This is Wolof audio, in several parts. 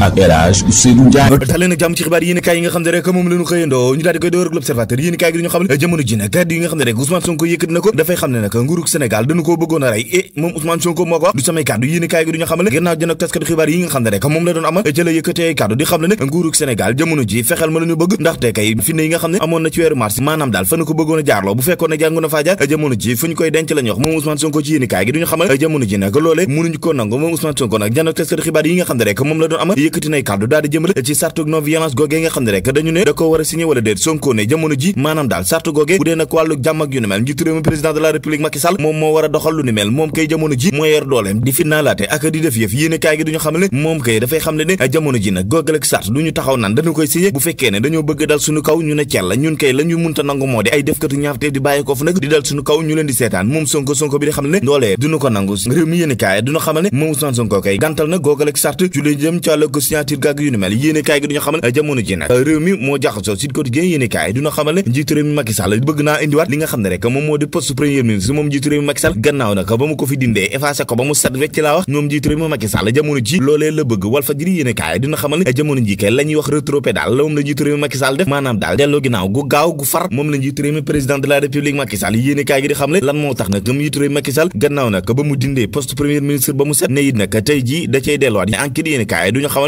ak El Hadj Ousseynou Ndiaye tax leen ak jàmm ci xibaar yéen kaay yi nga xam ne rek moom la ñu xëyandoo ñu daal di koy door ak l'observateur yéen kaay gi dañu xam ne jamono ji nag kàddu yi nga xam ne rek Ousmane Sonko yëkkati na ko dafay xam ne nag nguurug Sénégal dañu koo bëggoon a rey et moom Ousmane Sonko moo ko wax du samay kàddu yéen kaay gi duñu xam ne gannaaw jën ak taskati xibaar yi nga xam ne rek moom la doon amal ci la yëkkatee kàddu di xam ne nag nguurug Sénégal jamono ji fexeel ma la ñu bëgg ndaxte kay finne yi nga xam ne amoon na ci weeru mars maanaam daal fa na ko bëggoon a jaarloo bu fekkoon ne jàngu na faa jaar jamono ji fu ñu koy denc la ñu wax moom Ousmane Sonko ci yéen kaay gi duñu xamal jamono ji nag loolee mënuñu ko nangu moom Ousmane Sonko nag jën ak taskati xibaar yi nga xam ne rek moom la doon amal yëkkati di jëmale ci sartu ak di def yëf yéene gi duñu xam ne moom kay dafay xam ne ne jamono ji nag googal ak sart duñu taxaw naan dañu koy signé bu fekkee ne dañoo bëgg dal suñu kaw ñu ne cell ñun kay la ñu munta di ay defkatu ñaawteef di ko fu nag di dal suñu kaw ñu moom Sonko Sonko bi di xam ne loolee duñu ko nangu réew mi yéene duñu xamal ne moom Ousmane Sonko kay gàntal na googal ak sart ju jëm ci wàllu ko gàgg yu ni mel yéene kaay gi duñu xamal eh, jamono ji nag eh, réew mi moo jaxasoo Sud Quotidien ko fi yéene kaay gi di xamle lan moo tax nag njiitu réew mi gannaaw nag ba mu dindee poste premier ministre ba mu set ne it nag tey ji da cay delluwaat enquête yéene kaay duñu xamal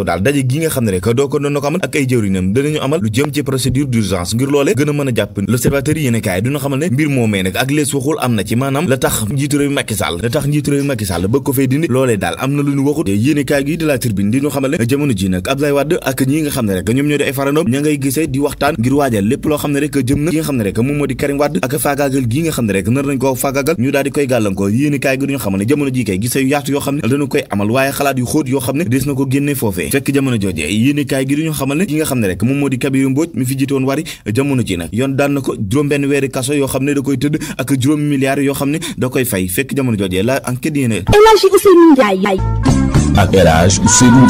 teew daal daje gi nga xam ne rek doo ko doon na ko amal ak ay jëwriñam danañu amal lu jëm ci procédure d'urgence ngir loolee gën a mën a jàpp l'observateur yoo xam ne dañu na ko génne foofe foofee fekk jamono jooje yéenekaay gi duñu xamal ne ki nga xam ne rek moom moo di Kabiru Mbodj mi fi jiitoon wari jamono ji nag yoon daan na ko juróom benn weeri kaso yoo xam ne da koy tëdd ak juróom milliards yoo xam ne da koy fay fekk jamono jooje la enquête yéene El Hadji Ousseynou Ndiaye ak El Hadji Ousseynou